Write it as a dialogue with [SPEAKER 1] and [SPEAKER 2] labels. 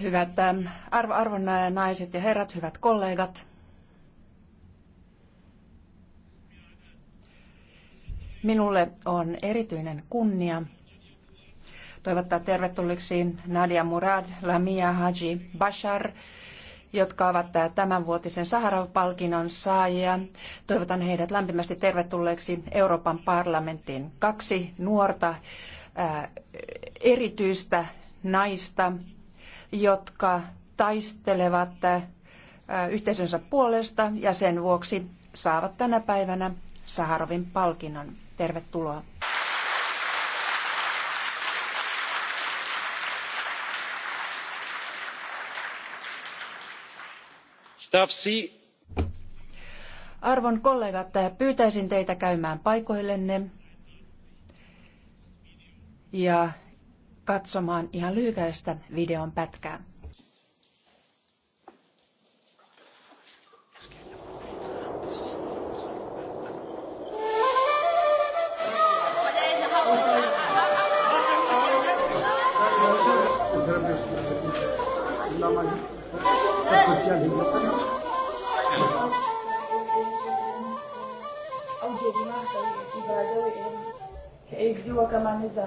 [SPEAKER 1] Hyvät ähm, arvo, arvon äh, naiset ja herrat, hyvät kollegat. Minulle on erityinen kunnia toivottaa tervetulleeksi Nadia Murad, Lamia Haji Bashar, jotka ovat äh, tämänvuotisen Saharov-palkinnon saajia. Toivotan heidät lämpimästi tervetulleeksi Euroopan parlamenttiin. Kaksi nuorta äh, erityistä naista, jotka taistelevat äh, yhteisönsä puolesta ja sen vuoksi saavat tänä päivänä Saharovin palkinnon. Tervetuloa. Arvon kollegat, pyytäisin teitä käymään paikoillenne ja katsomaan ihan lyhykäistä videon pätkää.
[SPEAKER 2] Audio di massa, si va a dove? E il duo che mi ha